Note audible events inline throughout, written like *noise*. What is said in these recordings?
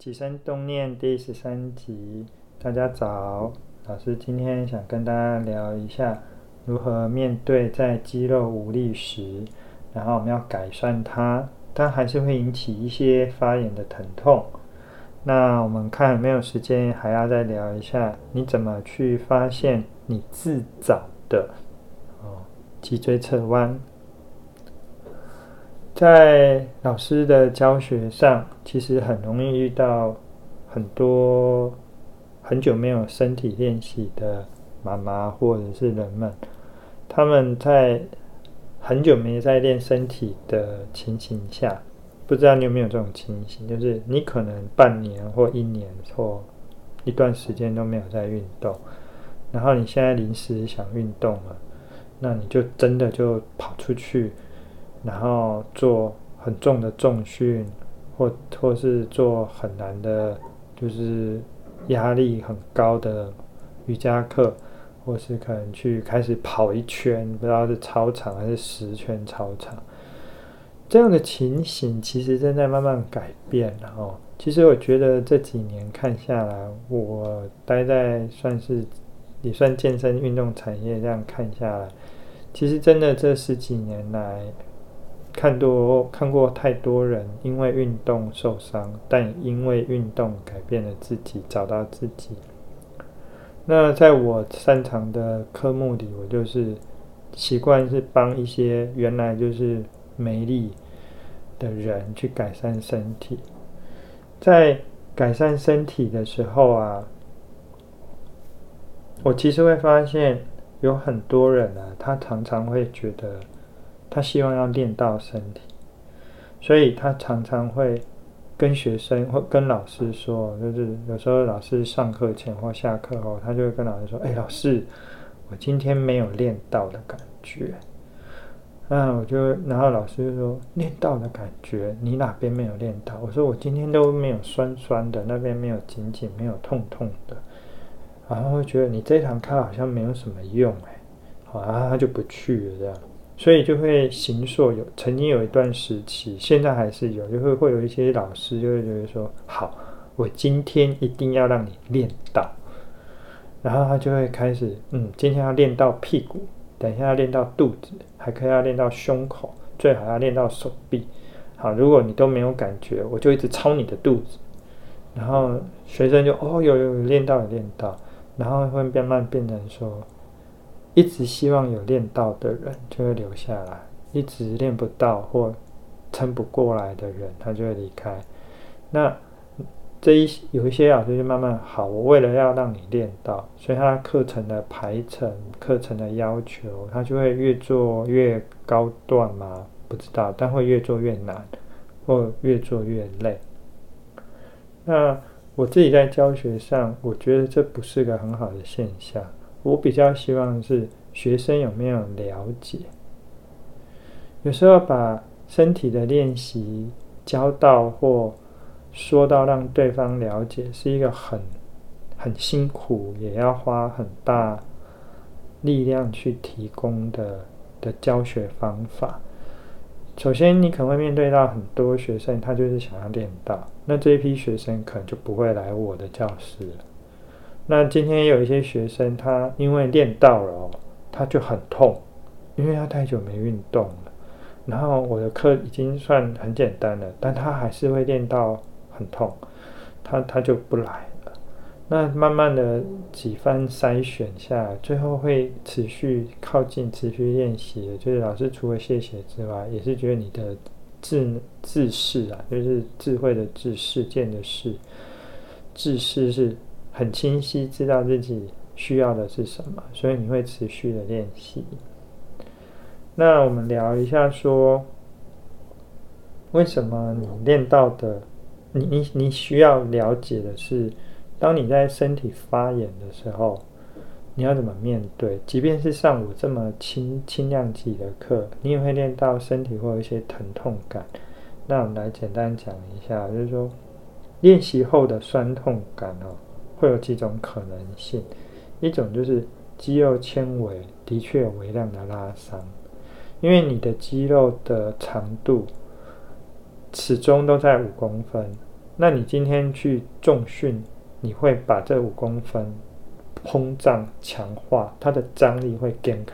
起身動唸第十三集，大家早。老師今天想跟大家聊一下，如何面對在肌肉無力時，然後我們要改善它，但還是會引起一些發炎的疼痛。那我們看有沒有時間還要再聊一下，你怎麼去發現你自找的哦，脊椎側彎？在老師的教學上，其實很容易遇到很多很久沒有身體練習的媽媽或者是人們。他們在很久沒在練身體的情形下，不知道你有沒有這種情形？就是你可能半年或一年或一段時間都沒有在運動，然後你現在臨時想運動了，那你就真的就跑出去。然後做很重的重訓，或或是做很難的，就是壓力很高的瑜伽課，或是可能去開始跑一圈，不知道是操場還是十圈操場。這樣的情形其實正在慢慢改變，然後，哦，其實我覺得這幾年看下來，我待在算是也算健身運動產業這樣看下來，其實真的這十幾年來。看多看過太多人因為運動受傷，但因為運動改變了自己，找到自己。那在我擅長的科目裡，我就是習慣是幫一些原來就是沒力的人去改善身體。在改善身體的時候啊，我其實會發現有很多人啊，他常常會覺得。他希望要練到身體，所以他常常會跟學生或跟老師說，就是有時候老師上課前或下課後，他就會跟老師說：“哎，老師，我今天沒有練到的感覺。”那我就然後老師就說：“練到的感覺，你哪邊沒有練到？”我說：“我今天都沒有酸酸的，那邊沒有緊緊，沒有痛痛的。”然後會覺得你這一堂課好像沒有什麼用，哎，好，然後他就不去了這樣。所以就會形塑有曾經有一段時期，現在還是有，就是會,會有一些老師就會覺得說，好，我今天一定要讓你練到，然後他就會開始，嗯，今天要練到屁股，等一下要練到肚子，還可以要練到胸口，最好要練到手臂，好，如果你都沒有感覺，我就一直操你的肚子，然後學生就哦有有,有練到有練到，然後會慢慢變成說。一直希望有練到的人就會留下來，一直練不到或撐不過來的人，他就會離開。那這一有一些老師就慢慢好，我為了要讓你練到，所以他課程的排程、課程的要求，他就會越做越高段嘛，不知道，但會越做越難，或越做越累。那我自己在教學上，我覺得這不是個很好的現象。我比較希望的是學生有沒有了解，有時候把身體的練習教到或說到讓對方了解，是一個很很辛苦，也要花很大力量去提供的的教學方法。首先，你可能會面對到很多學生，他就是想要練到，那這一批學生可能就不會來我的教室了。那今天有一些學生，他因為練到了，他就很痛，因為他太久沒運動了。然後我的課已經算很簡單了，但他還是會練到很痛，他他就不來了。那慢慢的幾番篩選下來，最後會持續靠近、持續練習，就是老師除了謝謝之外，也是覺得你的智智識啊，就是智慧的智識、事件的事，智識是。很清晰，知道自己需要的是什麼，所以你會持續的練習。那我們聊一下說，說為什麼你練到的，你你你需要了解的是，當你在身體發炎的時候，你要怎麼面對？即便是上我這麼輕輕量級的課，你也會練到身體會有一些疼痛感。那我們來簡單講一下，就是說練習後的酸痛感哦。會有幾種可能性，一種就是肌肉纖維的確有微量的拉傷，因為你的肌肉的長度始終都在五公分，那你今天去重訓，你會把這五公分膨脹強化，它的張力會更開，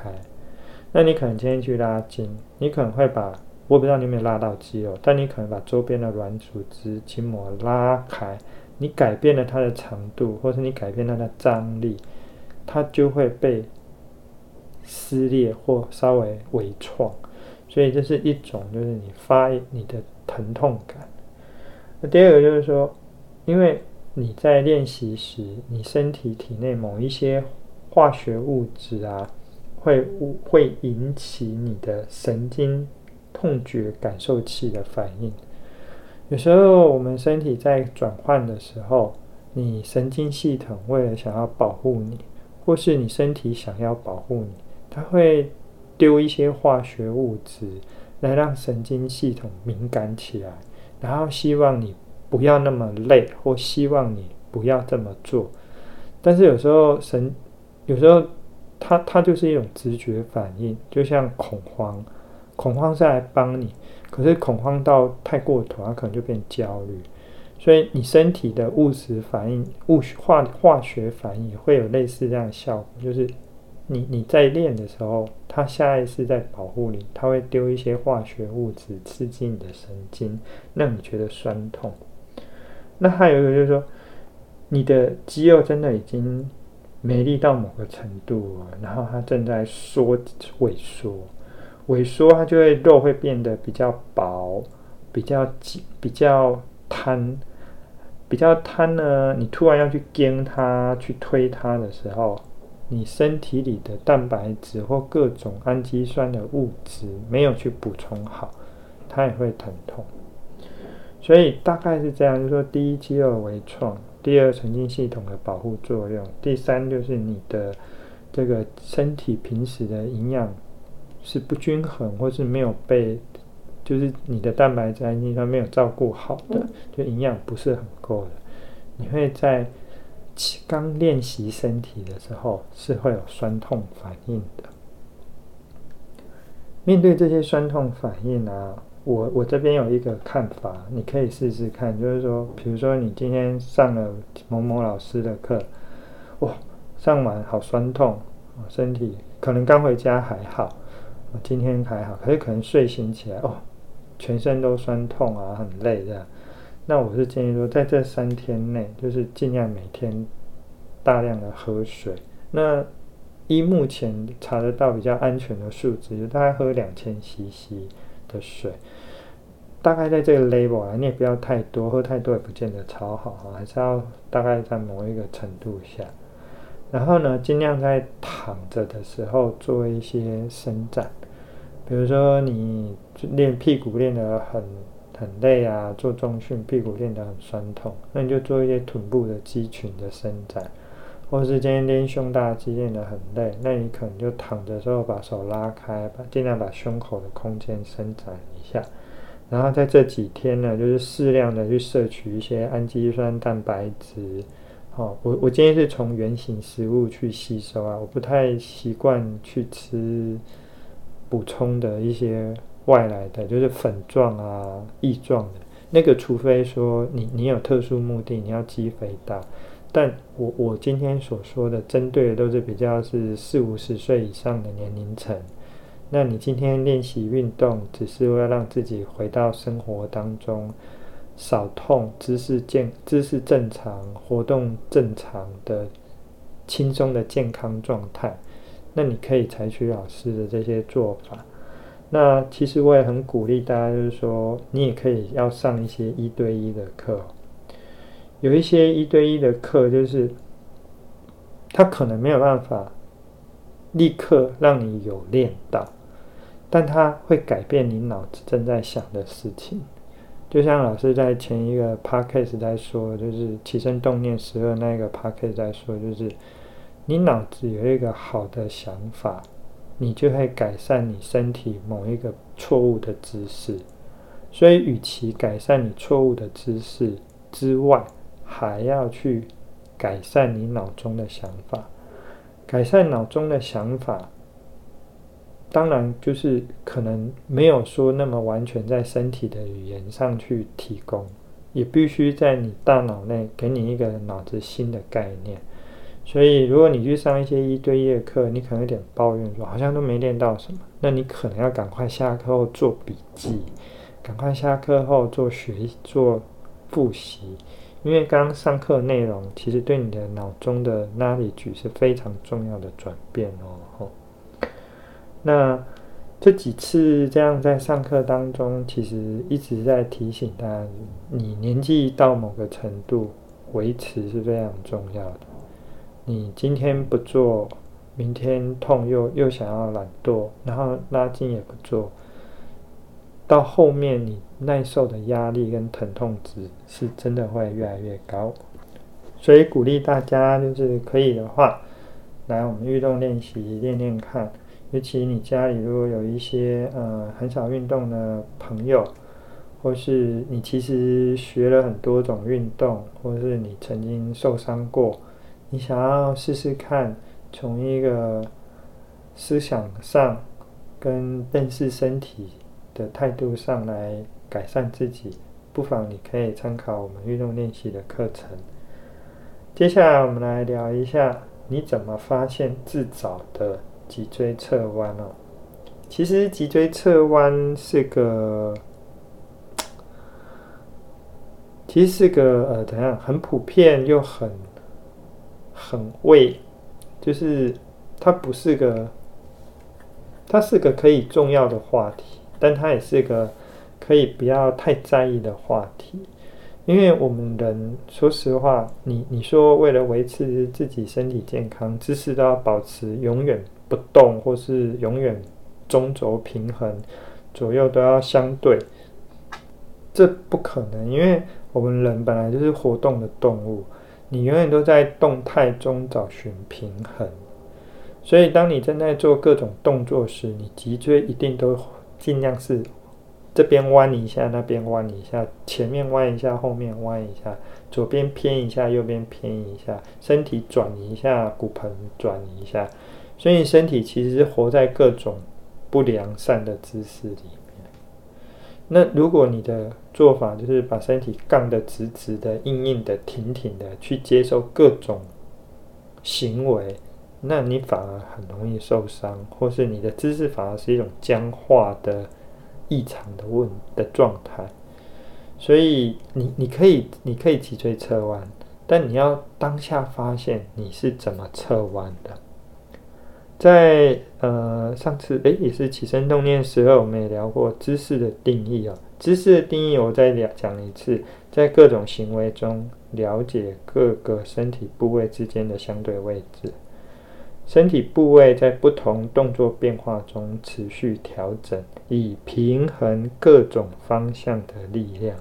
那你可能今天去拉筋，你可能會把我不知道你有沒有拉到肌肉，但你可能把周邊的軟組織、筋膜拉開。你改變了它的長度，或是你改變它的張力，它就會被撕裂或稍微微創，所以這是一種就是你發你的疼痛感。那第二個就是說，因為你在練習時，你身體體內某一些化學物質啊，會會引起你的神經痛覺感受器的反應。有時候我們身體在轉換的時候，你神經系統為了想要保護你，或是你身體想要保護你，它會丟一些化學物質來讓神經系統敏感起來，然後希望你不要那麼累，或希望你不要這麼做。但是有時候神，有時候它它就是一種直覺反應，就像恐慌，恐慌是來幫你。可是恐慌到太過頭啊，可能就變焦慮。所以你身體的物質反應、物化化學反應，也會有類似這樣的效果。就是你你在練的時候，它下意識在保護你，它會丟一些化學物質刺激你的神經，讓你覺得酸痛。那還有一個就是說，你的肌肉真的已經沒力到某個程度了，然後它正在縮萎縮。萎縮，它就會肉會變得比較薄、比較緊、比較癱、比較癱呢。你突然要去跟它、去推它的時候，你身體裡的蛋白質或各種氨基酸的物質沒有去補充好，它也會疼痛。所以大概是這樣，就是說第一，肌肉微創；第二，神經系統的保護作用；第三，就是你的這個身體平時的營養。是不均衡，或是沒有被，就是你的蛋白質氨基酸沒有照顧好的，嗯、就營養不是很夠的，你會在剛練習身體的時候是會有酸痛反應的。面對這些酸痛反應啊，我我這邊有一個看法，你可以試試看，就是說，比如說你今天上了某某老師的課，哇，上完好酸痛，身體可能剛回家還好。我今天還好，可是可能睡醒起來哦，全身都酸痛啊，很累這樣。那我是建議說，在這三天內，就是盡量每天大量的喝水。那依目前查得到比較安全的數值，就大概喝兩千 CC 的水，大概在這個 label 啊，你也不要太多，喝太多也不見得超好哈、啊，還是要大概在某一個程度下。然後呢，盡量在躺着的時候做一些伸展，比如說你練屁股練得很很累啊，做重訓屁股練得很酸痛，那你就做一些臀部的肌群的伸展，或是今天練胸大肌練得很累，那你可能就躺着的時候把手拉開，把盡量把胸口的空間伸展一下。然後在這幾天呢，就是適量的去攝取一些氨基酸蛋白質。哦，我我今天是從原型食物去吸收啊，我不太習慣去吃補充的一些外來的，就是粉狀啊、液狀的。那個，除非說你你有特殊目的，你要肌肥大。但我我今天所說的，針對的都是比較是四五十歲以上的年齡層。那你今天練習運動，只是為了讓自己回到生活當中。少痛，姿勢健，姿勢正常，活動正常的、輕鬆的健康狀態，那你可以採取老師的這些做法。那其實我也很鼓勵大家，就是說你也可以要上一些一對一的課。有一些一對一的課，就是他可能沒有辦法立刻讓你有練到，但他會改變你腦子正在想的事情。就像老師在前一個 podcast 在說，就是起身動念時候那個 podcast 在說，就是你腦子有一個好的想法，你就會改善你身體某一個錯誤的姿勢。所以，與其改善你錯誤的姿勢之外，還要去改善你腦中的想法。改善腦中的想法。當然，就是可能沒有說那麼完全在身體的語言上去提供，也必須在你大腦內給你一個腦子新的概念。所以，如果你去上一些一對一的課，你可能有點抱怨說好像都沒練到什麼，那你可能要趕快下課後做筆記，趕快下課後做學做複習，因為剛剛上課內容其實對你的腦中的 knowledge 是非常重要的轉變哦。那這幾次這樣在上課當中，其實一直在提醒大家：你年紀到某個程度，維持是非常重要的。你今天不做，明天痛又又想要懶惰，然後拉筋也不做，到後面你耐受的壓力跟疼痛值是真的會越來越高。所以鼓勵大家，就是可以的話，來我們運動練習練練看。尤其你家裡如果有一些呃很少運動的朋友，或是你其實學了很多種運動，或是你曾經受傷過，你想要試試看從一個思想上跟認識身體的態度上來改善自己，不妨你可以參考我們運動練習的課程。接下來我們來聊一下你怎麼發現自找的脊椎側彎哦，其實脊椎側彎是個，其實是個呃，怎樣？很普遍又很很為，就是它不是個，它是個可以重要的話題，但它也是個可以不要太在意的話題。因為我們人，說實話，你你說為了維持自己身體健康，姿勢都要保持永遠。不動或是永遠中軸平衡，左右都要相對，這不可能，因為我們人本來就是活動的動物，你永遠都在動態中找尋平衡。所以，當你正在做各種動作時，你脊椎一定都盡量是這邊彎一下，那邊彎一下，前面彎一下，後面彎一下，左邊偏一下，右邊偏一下，身體轉一下，骨盆轉一下。所以你身體其實是活在各種不良善的姿勢裡面。那如果你的做法就是把身體槓得直直的、硬硬的、挺挺的，去接受各種行為，那你反而很容易受傷，或是你的姿勢反而是一種僵化的、異常的問的狀態。所以你你可以你可以脊椎側彎，但你要當下發現你是怎麼側彎的。在呃、上次誒，也是起身動唸的時候，我們也聊過知識的定義哦。知識的定義，我再聊講一次，在各種行為中了解各個身體部位之間的相對位置，身體部位在不同動作變化中持續調整，以平衡各種方向的力量。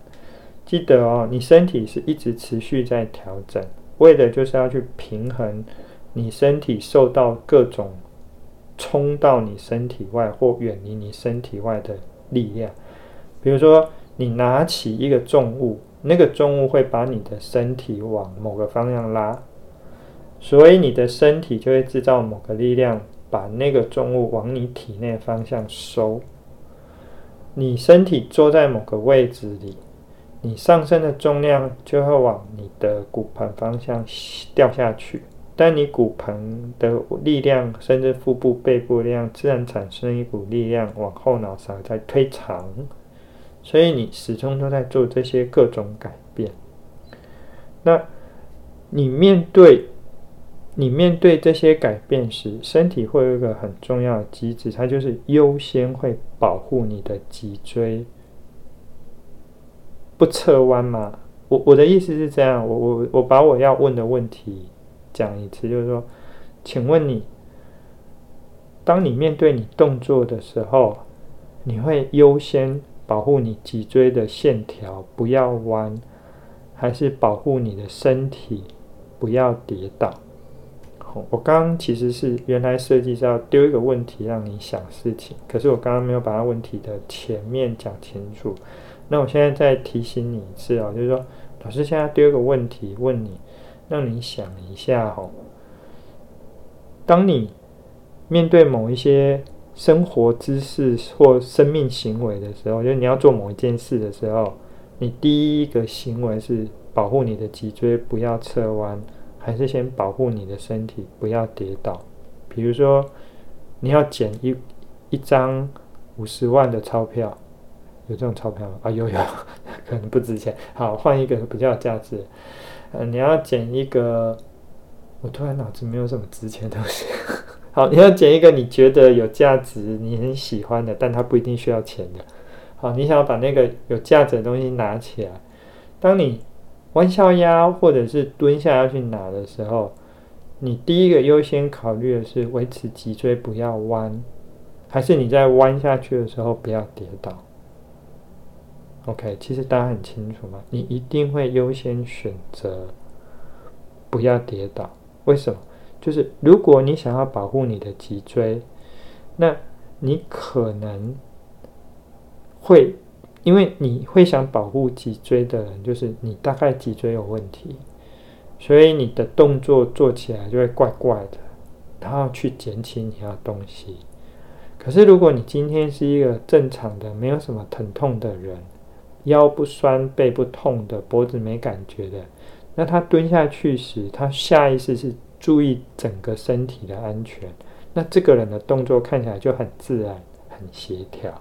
記得哦，你身體是一直持續在調整，為的就是要去平衡你身體受到各種。沖到你身體外或遠離你身體外的力量，比如說你拿起一個重物，那個重物會把你的身體往某個方向拉，所以你的身體就會製造某個力量，把那個重物往你體內方向收。你身體坐在某個位置裡，你上身的重量就會往你的骨盆方向掉下去。但你骨盆的力量，甚至腹部、背部力量，自然產生一股力量往後腦勺再推長，所以你始終都在做這些各種改變。那，你面對，你面對這些改變時，身體會有一個很重要的機制，它就是優先會保護你的脊椎不側彎嘛。我我的意思是這樣，我我我把我要問的問題。講一次，就是說，請問你，當你面對你動作的時候，你會優先保護你脊椎的線條不要彎，還是保護你的身體不要跌倒？哦，我剛剛其實是原來設計是要丟一個問題讓你想事情，可是我剛剛沒有把問題的前面講清楚。那我現在再提醒你一次哦，就是說，老師現在丟一個問題問你。讓你想一下哦，當你面對某一些生活姿勢或生命行為的時候，就你要做某一件事的時候，你第一個行為是保護你的脊椎不要側彎，還是先保護你的身體不要跌倒？比如說你要撿一一張五十萬的鈔票，有這種鈔票嗎？啊有有。可能不值錢，好，換一個比較有價值。呃，你要撿一個，我突然腦子沒有什麼值錢的東西。 *laughs* 好，你要撿一個你覺得有價值、你很喜歡的，但它不一定需要錢的。好，你想要把那個有價值的東西拿起來。當你彎下腰或者是蹲下要去拿的時候，你第一個優先考慮的是維持脊椎不要彎，還是你在彎下去的時候不要跌倒？OK，其實大家很清楚嘛，你一定會優先選擇不要跌倒。為什麼？就是如果你想要保護你的脊椎，那你可能會因為你會想保護脊椎的人，就是你大概脊椎有問題，所以你的動作做起來就會怪怪的。然後去撿起你要的東西，可是如果你今天是一個正常的、沒有什麼疼痛的人，腰不酸、背不痛的，脖子沒感覺的，那他蹲下去時，他下意識是注意整個身體的安全。那這個人的動作看起來就很自然、很協調。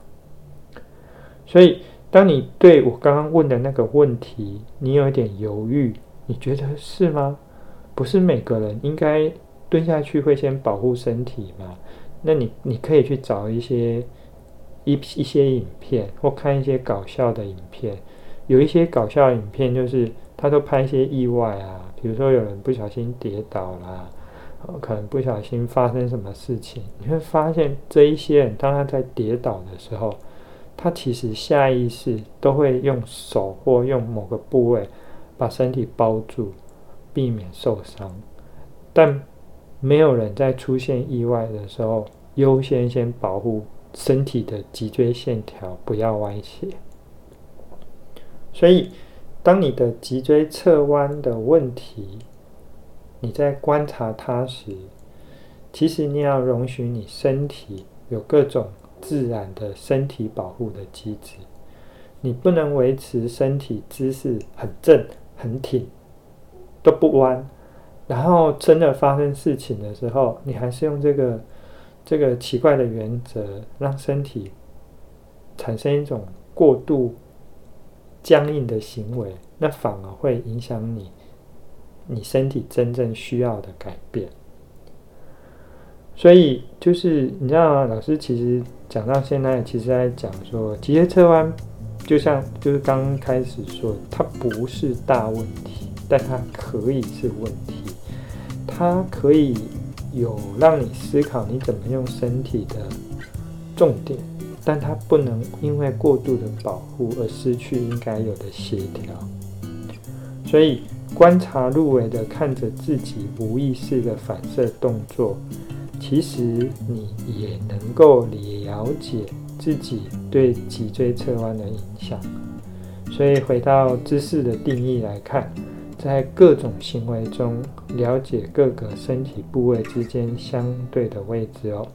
所以，當你對我剛剛問的那個問題，你有一點猶豫，你覺得是嗎？不是每個人應該蹲下去會先保護身體嗎？那你你可以去找一些。一一些影片或看一些搞笑的影片，有一些搞笑的影片就是他都拍一些意外啊，比如說有人不小心跌倒啦，可能不小心發生什麼事情，你會發現這一些人當他在跌倒的時候，他其實下意識都會用手或用某個部位把身體包住，避免受傷，但沒有人在出現意外的時候優先先保護，身體的脊椎線條不要歪斜，所以當你的脊椎側彎的問題，你在觀察它時，其實你要容許你身體有各種自然的身體保護的機制，你不能維持身體姿勢很正很挺都不彎，然後真的發生事情的時候，你還是用這個。這個奇怪的原則，讓身體產生一種過度僵硬的行為，那反而會影響你你身體真正需要的改變。所以，就是你知道嗎，老師其實講到現在，其實在講說，脊椎側彎就像就是剛開始說，它不是大問題，但它可以是問題，它可以。有讓你思考你怎麼用身體的重點，但它不能因為過度的保護而失去應該有的協調。所以，觀察入微的看着自己無意識的反射動作，其實你也能夠了解自己對脊椎側彎的影響。所以，回到姿勢的定義來看。在各種行為中，了解各個身體部位之間相對的位置哦。